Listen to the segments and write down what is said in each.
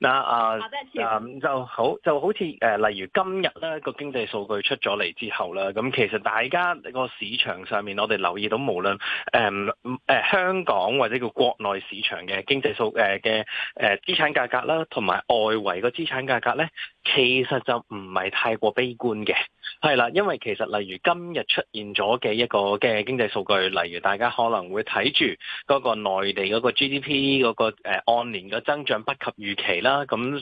嗱啊啊，就好就好似誒、呃，例如今日咧個經濟數據出咗嚟之後啦，咁其實大家個市場上面，我哋留意到無論誒誒香港或者叫國內市場嘅經濟數誒嘅誒資產價格啦，同埋外圍嘅資產價格咧，其實就唔係太過悲觀嘅，係啦，因為其實例如今日出現咗嘅一個嘅經濟數據，例如大家可能會睇住嗰個內地嗰個 GDP 嗰個誒按年嘅增長不及預期。啦，咁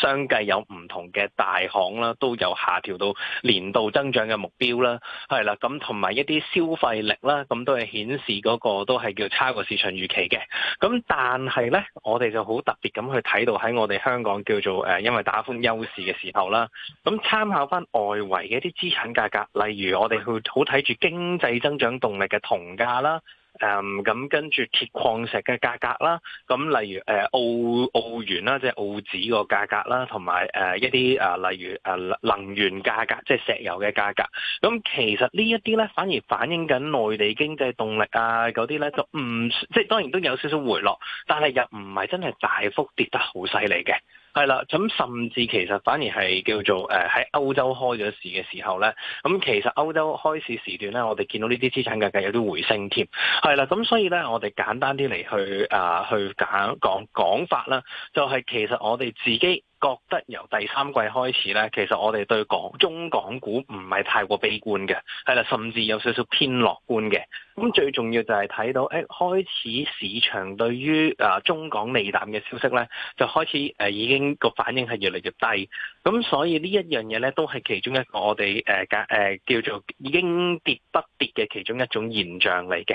相繼有唔同嘅大行啦，都有下調到年度增長嘅目標啦，係啦，咁同埋一啲消費力啦，咁都係顯示嗰個都係叫差過市場預期嘅，咁但係咧，我哋就好特別咁去睇到喺我哋香港叫做因為打風優勢嘅時候啦，咁參考翻外圍嘅一啲資產價格，例如我哋去好睇住經濟增長動力嘅銅價啦。誒咁跟住鐵礦石嘅價格啦，咁例如誒澳澳元啦，即係澳紙個價格啦，同埋誒一啲誒例如誒能源價格，即係石油嘅價格。咁其實呢一啲咧，反而反映緊內地經濟動力啊，嗰啲咧，就唔即係當然都有少少回落，但係又唔係真係大幅跌得好犀利嘅。係啦，咁甚至其實反而係叫做誒喺歐洲開咗市嘅時候咧，咁其實歐洲開市時段咧，我哋見到呢啲資產價格有啲回升添。係啦，咁所以咧，我哋簡單啲嚟去啊，去講講講法啦，就係、是、其實我哋自己。覺得由第三季開始咧，其實我哋對港中港股唔係太過悲觀嘅，係啦，甚至有少少偏樂觀嘅。咁最重要就係睇到誒，開始市場對於中港利淡嘅消息咧，就開始已經個反應係越嚟越低。咁所以呢一樣嘢咧，都係其中一個我哋、呃、叫做應跌不跌嘅其中一種現象嚟嘅。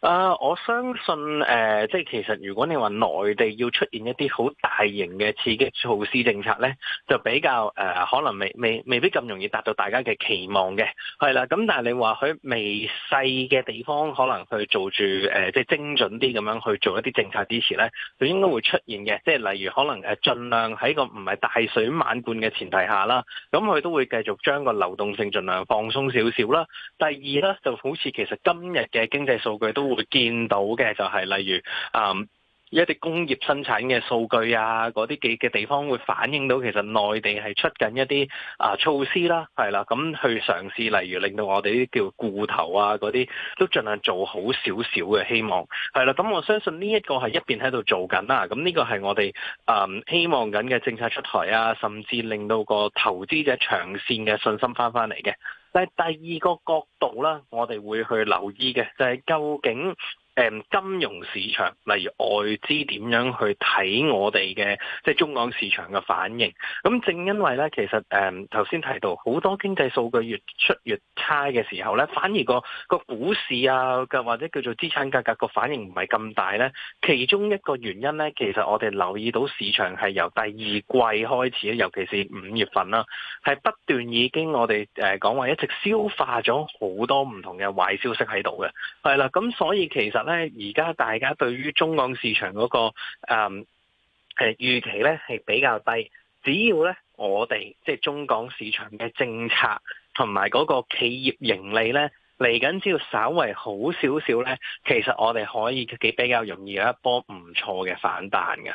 啊、uh，我相信誒，即、呃、係其實如果你話內地要出現一啲好大型嘅刺激措施政策咧，就比較誒、呃，可能未未未必咁容易達到大家嘅期望嘅，係啦。咁但係你話佢微細嘅地方，可能去做住、呃、即係精準啲咁樣去做一啲政策支持咧，佢應該會出現嘅。即係例如可能誒，儘量喺個唔係大水漫灌嘅前提下啦，咁佢都會繼續將個流動性儘量放鬆少少啦。第二咧，就好似其實今日嘅經濟數據都。會見到嘅就係例如，嗯、一啲工業生產嘅數據啊，嗰啲嘅嘅地方會反映到其實內地係出緊一啲啊、呃、措施啦，係啦，咁、嗯、去嘗試，例如令到我哋啲叫固投啊，嗰啲都盡量做好少少嘅，希望係啦。咁我相信呢一個係一邊喺度做緊啦，咁呢個係我哋誒希望緊嘅政策出台啊，甚至令到個投資者長線嘅信心翻翻嚟嘅。但係第二個角度咧，我哋會去留意嘅就係、是、究竟。誒金融市場，例如外資點樣去睇我哋嘅即係中港市場嘅反應。咁正因為咧，其實誒頭先提到好多經濟數據越出越差嘅時候咧，反而個個股市啊嘅或者叫做資產價格個反應唔係咁大咧。其中一個原因咧，其實我哋留意到市場係由第二季開始，尤其是五月份啦、啊，係不斷已經我哋誒講話一直消化咗好多唔同嘅壞消息喺度嘅。係啦，咁所以其實。而家大家對於中港市場嗰、嗰個誒、嗯、預期咧係比較低，只要咧我哋即係中港市場嘅政策同埋嗰個企業盈利咧嚟緊，只要稍為好少少咧，其實我哋可以幾比較容易有一波唔錯嘅反彈嘅。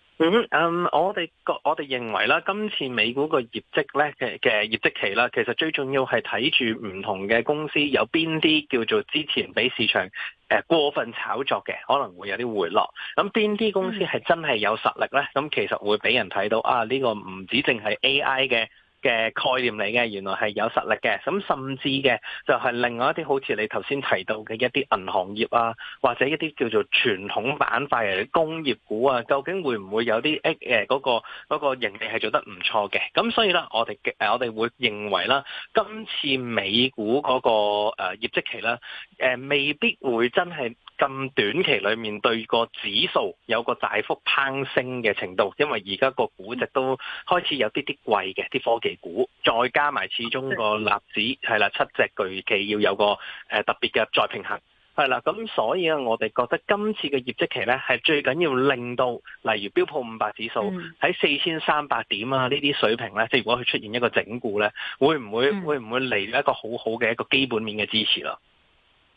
嗯，我哋個我哋認為啦，今次美股個業績咧嘅嘅業績期啦，其實最重要係睇住唔同嘅公司有邊啲叫做之前俾市場誒、呃、過分炒作嘅，可能會有啲回落。咁邊啲公司係真係有實力呢？咁其實會俾人睇到啊！呢、個唔止淨係 A I 嘅。嘅概念嚟嘅，原來係有實力嘅，咁甚至嘅就係另外一啲好似你頭先提到嘅一啲銀行業啊，或者一啲叫做傳統板塊嘅工業股啊，究竟會唔會有啲誒誒嗰個嗰個盈利係做得唔錯嘅？咁所以咧，我哋嘅我哋會認為啦，今次美股嗰個誒業績期啦，誒未必會真係。咁短期裏面對個指數有個大幅攀升嘅程度，因為而家個估值都開始有啲啲貴嘅，啲科技股再加埋，始終個納指係啦，七隻巨企要有個、呃、特別嘅再平衡係啦，咁所以啊，我哋覺得今次嘅業績期咧，係最緊要令到例如標普五百指數喺四千三百點啊呢啲水平咧，即如果佢出現一個整固咧，會唔會、嗯、會唔會嚟到一個好好嘅一個基本面嘅支持咯？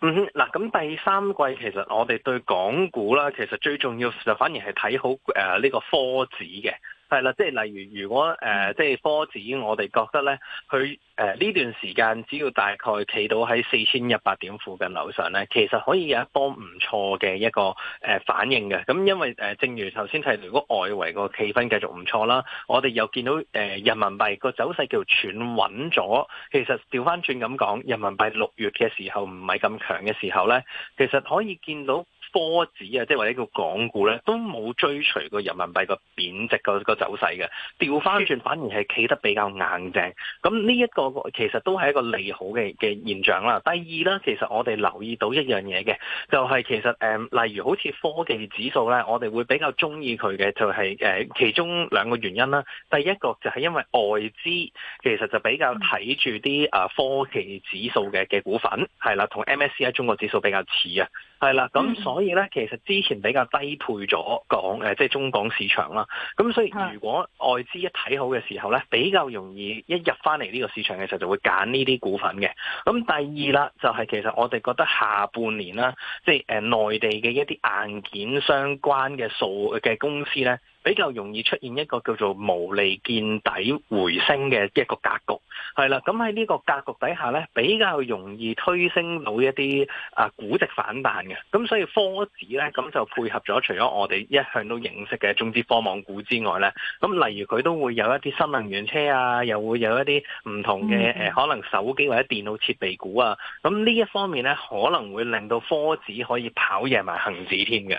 嗯，嗱，咁第三季其實我哋對港股啦，其實最重要就反而係睇好誒呢個科指嘅。係啦，即係例如，如果誒、呃、即係科指，我哋覺得咧，佢誒呢段時間只要大概企到喺四千一百點附近樓上咧，其實可以有一波唔錯嘅一個誒、呃、反應嘅。咁、嗯、因為誒、呃，正如頭先提到，如果外圍個氣氛繼續唔錯啦，我哋又見到誒、呃、人民幣個走勢叫做轉穩咗。其實調翻轉掉返轉咁講，人民幣六月嘅時候唔係咁強嘅時候咧，其實可以見到。科指啊，即係或者叫港股咧，都冇追隨個人民幣個貶值個走勢嘅，調翻轉，反、反而係企得比較硬淨。咁呢一個其實都係一個利好嘅嘅現象啦。第二咧，其實我哋留意到一樣嘢嘅，就係、是、其實誒例如好似科技指數咧，我哋會比較中意佢嘅，就係、是、誒其中兩個原因啦。第一個就係因為外資其實就比較睇住啲誒科技指數嘅嘅股份，係啦，同 MSCI 中國指數比較似啊，係啦，咁所。所以咧，其實之前比較低配咗港誒，即係中港市場啦。咁所以，如果外資一睇好嘅時候咧，比較容易一入翻嚟呢個市場嘅時候就會揀呢啲股份嘅。咁第二啦，就係其實我哋覺得下半年啦，即係誒內地嘅一啲硬件相關嘅數嘅公司咧。比較容易出現一個叫做無利見底回升嘅一個格局，係啦。咁喺呢個格局底下呢，比較容易推升到一啲啊估值反彈嘅。咁所以科指呢，咁就配合咗，除咗我哋一向都認識嘅中資科網股之外呢，咁例如佢都會有一啲新能源車啊，又會有一啲唔同嘅、嗯、可能手機或者電腦設備股啊。咁呢一方面呢，可能會令到科指可以跑贏埋恒指添嘅。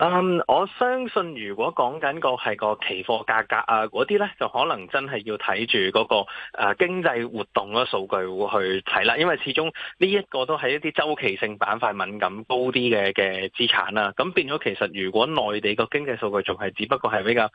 嗯、um，我相信如果講緊個係個期貨價格啊嗰啲咧，就可能真係要睇住嗰個誒經濟活動個數據會去睇啦。因為始終呢一個都係一啲周期性板塊敏感高啲嘅嘅資產啦。咁變咗其實如果內地個經濟數據仲係只不過係比較誒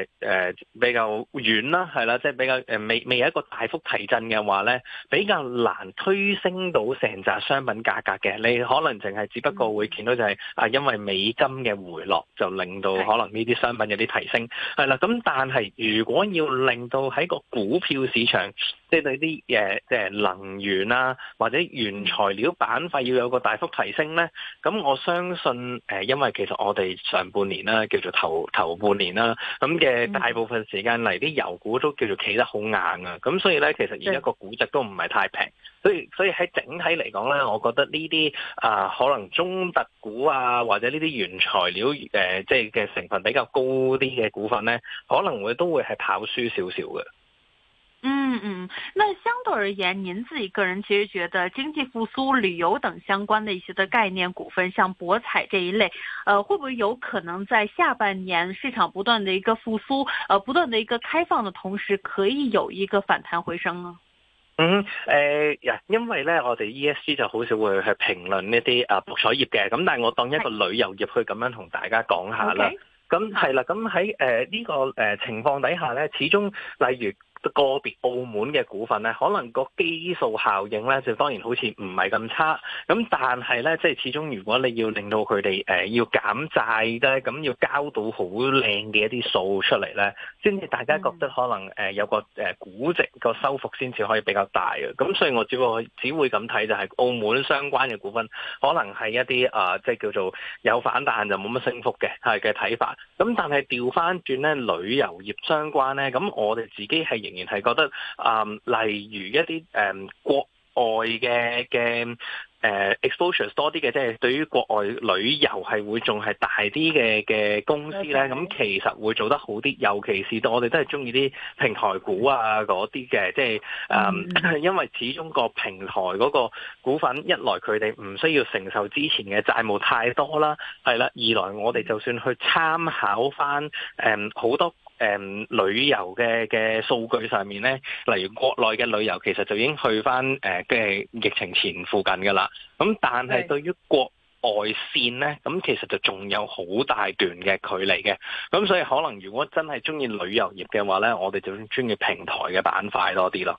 誒、呃、比較軟啦，係啦，即、就、係、是、比較誒未未有一個大幅提振嘅話咧，比較難推升到成紮商品價格嘅。你可能淨係只不過會見到就係啊，因為美金嘅。嘅回落就令到可能呢啲商品有啲提升，係啦。咁但係如果要令到喺個股票市場，即係對啲誒即係能源啦、啊、或者原材料板塊要有個大幅提升咧，咁我相信誒，因為其實我哋上半年啦、啊，叫做頭頭半年啦、啊，咁嘅大部分時間嚟，啲油股都叫做企得好硬啊。咁所以咧，其實而家個估值都唔係太平。所以所以喺整體嚟講咧，我覺得呢啲啊可能中特股啊或者呢啲原材料材料誒即係嘅成分比較高啲嘅股份呢，可能會都會係跑輸少少嘅。嗯嗯，那相對而言，您自己個人其實覺得經濟復甦、旅遊等相關的一些的概念股份，像博彩這一類，呃，會不會有可能在下半年市場不斷的一個復甦、呃不斷的一個開放的同時，可以有一個反彈回升呢？嗯，誒、呃，因為咧，我哋 E S C 就好少會去評論呢啲誒博彩業嘅，咁但係我當一個旅遊業去咁樣同大家講下啦，咁係啦，咁喺誒呢個誒情況底下咧，始終例如。個別澳門嘅股份咧，可能個基數效應咧，就當然好似唔係咁差。咁但係咧，即係始終如果你要令到佢哋、呃、要減債咧，咁要交到好靚嘅一啲數出嚟咧，先至大家覺得可能、呃、有個誒、呃、估值個收復先至可以比較大嘅。咁所以我只會只會咁睇就係、是、澳門相關嘅股份，可能係一啲啊、呃，即係叫做有反彈就冇乜升幅嘅係嘅睇法。咁但係調返轉咧，旅遊業相關咧，咁我哋自己係。仍然係覺得啊、嗯，例如一啲誒、嗯、國外嘅嘅誒 exposure 多啲嘅，即、就、係、是、對於國外旅遊係會仲係大啲嘅嘅公司咧。咁、okay。其實會做得好啲，尤其是我哋都係中意啲平台股啊嗰啲嘅，即係啊，就是嗯 mm。因為始終個平台嗰個股份一來佢哋唔需要承受之前嘅債務太多啦，係啦；二來我哋就算去參考返誒好多。誒、呃、旅遊嘅嘅數據上面咧，例如國內嘅旅遊其實就已經去翻，即係疫情前附近噶啦。咁但係對於國外線咧，咁其實就仲有好大段嘅距離嘅。咁所以可能如果真係中意旅遊業嘅話咧，我哋就中意平台嘅板塊多啲咯。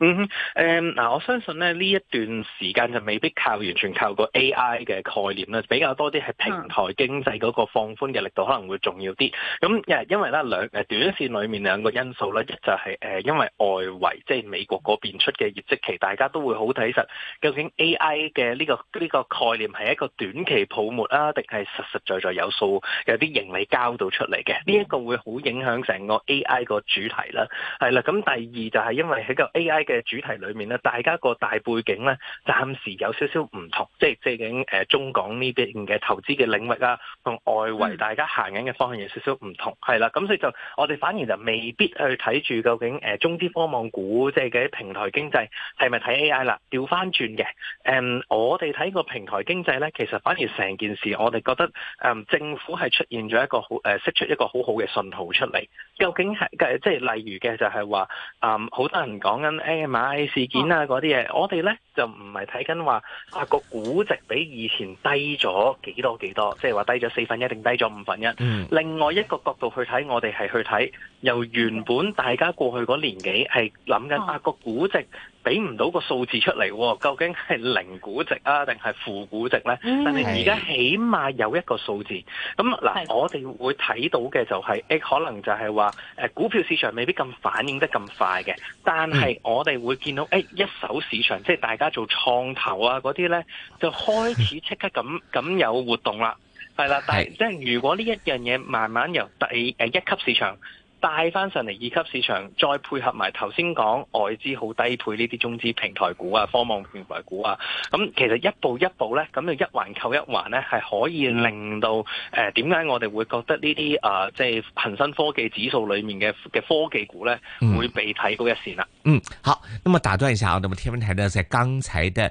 嗯哼，誒、嗯、嗱，我相信咧呢一段時間就未必靠完全靠個 A.I. 嘅概念啦，比較多啲係平台經濟嗰個放寬嘅力度可能會重要啲。咁因為咧兩誒短線裏面兩個因素咧，一就係、是、誒因為外圍即係美國嗰邊出嘅業績期，大家都會好睇實究竟 A.I. 嘅呢、呢個呢、呢個概念係一個短期泡沫啊，定係實實在在，在有數有啲盈利交到出嚟嘅？呢、呢、一個會好影響成個 A.I. 個主題啦。係啦，咁第二就係因為喺個 A.I. 嘅主題裏面咧，大家個大背景咧，暫時有少少唔同，即係畢竟誒中港呢邊嘅投資嘅領域啊，同外圍大家行緊嘅方向有少少唔同，係、嗯、啦，咁所以就我哋反而就未必去睇住究竟誒、呃、中資科網股，即係嘅啲平台經濟係咪睇 AI 啦？調翻轉嘅，誒、呃、我哋睇個平台經濟咧，其實反而成件事，我哋覺得誒、呃、政府係出現咗一個好誒、呃、釋出一個好好嘅信號出嚟。究竟係即係例如嘅，就係話，嗯，好多人講緊螞蟻事件啊，嗰啲嘢，我哋呢就唔係睇緊話個估值比以前低咗幾多幾多，即係話低咗四分一，定低咗五分一。另外一個角度去睇，我哋係去睇由原本大家過去嗰年幾係諗緊個估值。俾唔到個數字出嚟，究竟係零估值啊，定係負估值呢？嗯、但係而家起碼有一個數字。咁嗱，我哋會睇到嘅就係、是，可能就係話，股票市場未必咁反應得咁快嘅。但係我哋會見到、嗯誒，一手市場，即係大家做創投啊嗰啲呢，就開始即刻咁咁、嗯、有活動啦。係啦，但係即係如果呢一樣嘢慢慢由第、呃、一級市場，帶翻上嚟二級市場，再配合埋頭先講外資好低配呢啲中資平台股啊、科網平台股啊，咁其實一步一步呢，咁就一環扣一環呢，係可以令到誒，點解我哋會覺得呢啲誒，即係恒生科技指數裏面嘅嘅科技股呢，會被睇高一線啦。嗯。嗯，好，咁啊打斷一下啊，咁天文台呢，在剛才嘅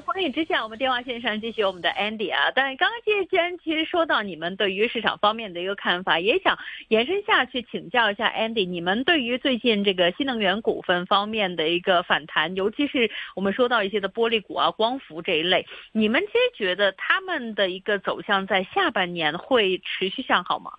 歡迎之下，我們電話線上繼續我們的 Andy 啊。但剛剛其實既然其實說到你們對於市場方面的一個看法，也想延伸下去請教一下 Andy，你們對於最近這個新能源股份方面的一個反彈，尤其是我們說到一些的玻璃股啊、光伏這一類，你們其實覺得他們的一個走向在下半年會持續向好嗎？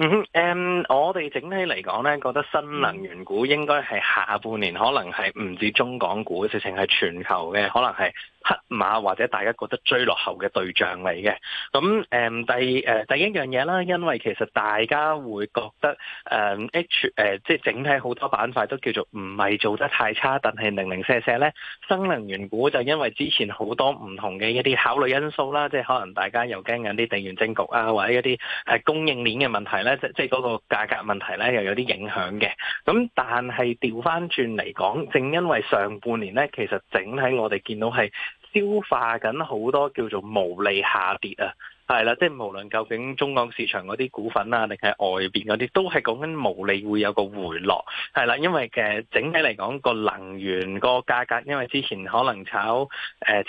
嗯嗯，我哋整體嚟講呢，覺得新能源股應該係下半年可能係唔止中港股，直情係全球嘅可能係。黑馬或者大家覺得追落後嘅對象嚟嘅，咁誒、呃、第誒、呃、第一樣嘢啦，因為其實大家會覺得誒、呃、H 誒、呃，即、就、係、是、整體好多板塊都叫做唔係做得太差，但係零零舍舍咧，新能源股就因為之前好多唔同嘅一啲考慮因素啦，即、就、係、是、可能大家又驚緊啲地緣政局啊，或者一啲誒、呃、供應鏈嘅問題咧，即即係嗰個價格問題咧，又有啲影響嘅。咁但係調返轉嚟講，正因為上半年咧，其實整體我哋見到係。消化緊好多叫做毛利下跌啊。係啦，即係無論究竟中港市場嗰啲股份啊，定係外邊嗰啲，都係講緊毛利會有個回落。係啦，因為嘅整體嚟講個能源個價格，因為之前可能炒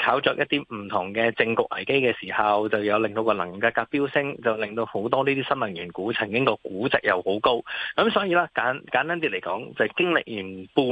炒作一啲唔同嘅政局危機嘅時候，就有令到個能源價格飆升，就令到好多呢啲新能源股曾經個估值又好高。咁所以啦，簡簡單啲嚟講，就係、經歷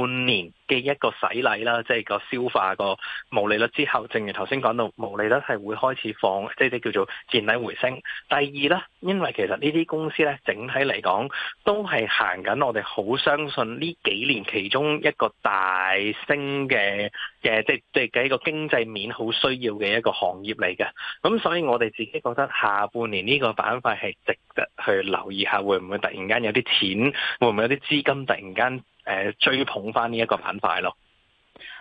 完半年嘅一個洗禮啦，即、就、係、是、個消化、個毛利率之後，正如頭先講到毛利率係會開始放，即、就、係、是、叫做。年底回升。第二咧，因為其實呢啲公司咧，整體嚟講都係行緊我哋好相信呢幾年其中一個大升嘅嘅，即係即係一個經濟面好需要嘅一個行業嚟嘅。咁所以我哋自己覺得下半年呢個板塊係值得去留意下，會唔會突然間有啲錢，會唔會有啲資金突然間誒、呃、追捧翻呢一個板塊咯。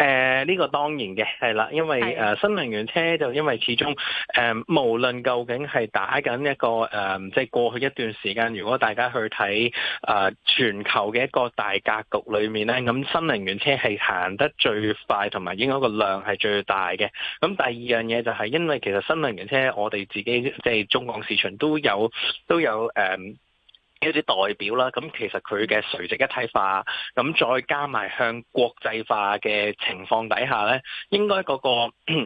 誒、呃、呢、這個當然嘅係啦，因為誒新能源車就因為始終誒、呃、無論究竟係打緊一個誒，即、呃、係、就是、過去一段時間，如果大家去睇誒、呃、全球嘅一個大格局裏面咧，咁、呃、新能源車係行得最快，同埋應該個量係最大嘅。咁、呃、第二樣嘢就係因為其實新能源車我哋自己即係、就是、中國市場都有都有誒。呃一啲代表啦，咁其實佢嘅垂直一體化，咁再加埋向國際化嘅情況底下咧，應該嗰個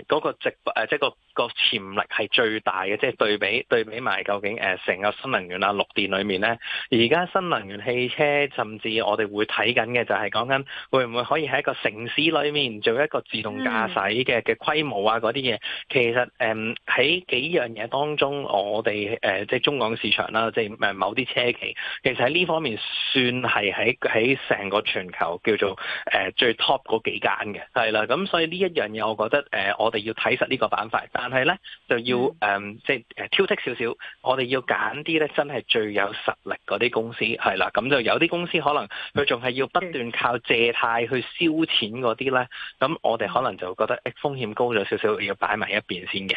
嗰個直誒，即係個。個潛力係最大嘅，即、就、係、是、對比對比埋究竟誒成、呃、個新能源啊綠電裏面咧，而家新能源汽車甚至我哋會睇緊嘅就係講緊會唔會可以喺一個城市裏面做一個自動駕駛嘅嘅規模啊嗰啲嘢，其實誒喺、嗯、幾樣嘢當中，我哋誒、呃、即係中港市場啦，即係某啲車企，其實喺呢方面算係喺喺成個全球叫做誒、呃、最 top 嗰幾間嘅，係啦，咁所以呢一樣嘢我覺得誒、呃、我哋要睇實呢個板塊。但係咧就要誒，即係誒挑剔少少，我哋要揀啲咧真係最有實力嗰啲公司，係啦，咁就有啲公司可能佢仲係要不斷靠借貸去燒錢嗰啲咧，咁我哋可能就覺得誒風險高咗少少，要擺埋一邊先嘅。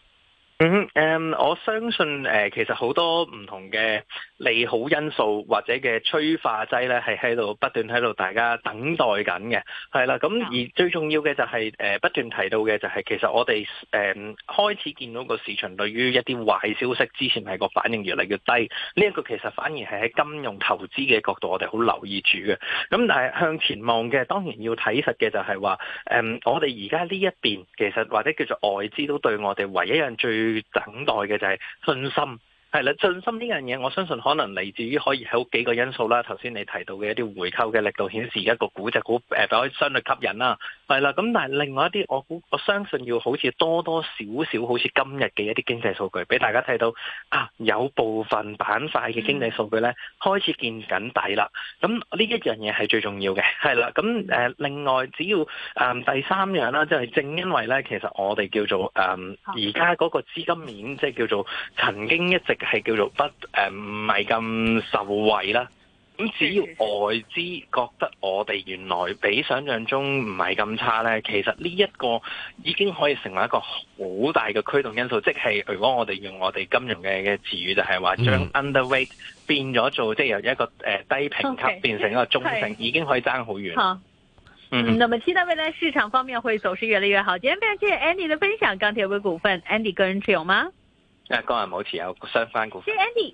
嗯，我相信誒，其實好多唔同嘅利好因素或者嘅催化劑呢係喺度不斷喺度大家等待緊嘅，係啦，咁而最重要嘅就係誒不斷提到嘅就係其實我哋誒開始見到個市場對於一啲壞消息之前係個反應越嚟越低，呢一個其實反而係喺金融投資嘅角度我哋好留意住嘅，咁但係向前望嘅，當然要睇實嘅就係話，誒，我哋而家呢一邊其實或者叫做外資都對我哋唯一樣最要等待嘅就係信心，係啦，信心呢樣嘢，我相信可能嚟自於可以喺幾個因素啦。頭先你提到嘅一啲回購嘅力度，顯示一個估值股誒、呃，可以相對吸引啦、啊。係啦，咁但係另外一啲，我估我相信要好似多多少少，好似今日嘅一啲經濟數據，俾大家睇到啊，有部分板塊嘅經濟數據咧、嗯、開始見緊底啦。咁呢一樣嘢係最重要嘅，係啦。咁誒、呃，另外只要誒、呃、第三樣啦，就係、是、正因為咧，其實我哋叫做誒而家嗰個資金面，即、就、係、是、叫做曾經一直係叫做不誒唔係咁受惠啦。咁只要外資覺得我哋原來比想象中唔係咁差咧，其實呢一個已經可以成為一個好大嘅驅動因素。即係如果我哋用我哋金融嘅嘅詞語，就係話將 underweight 變咗做即係由一個低評級變成一個中性，okay，已經可以爭好遠。好，嗯。咁啊，期待未來市場方面會走勢越嚟越好。今日非常謝謝 Andy 的分享，鋼鐵股股份，Andy 個人持有嗎？啊，個人冇持有相關股份。謝 Andy。